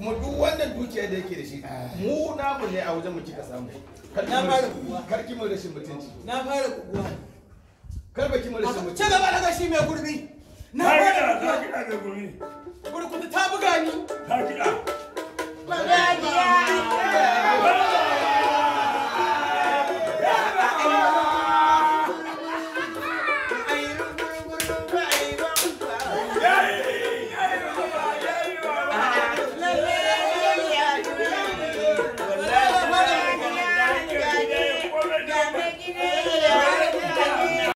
kuma duk wannan dukiya da yake da shi mu namu ne a wajen mu kika samu na fara kuwa karki mu rashin mutunci na fara kuwa kar ki mu rashin mutunci ce gaba daga shi mai gurbi na fara kuwa gurbi Thank you.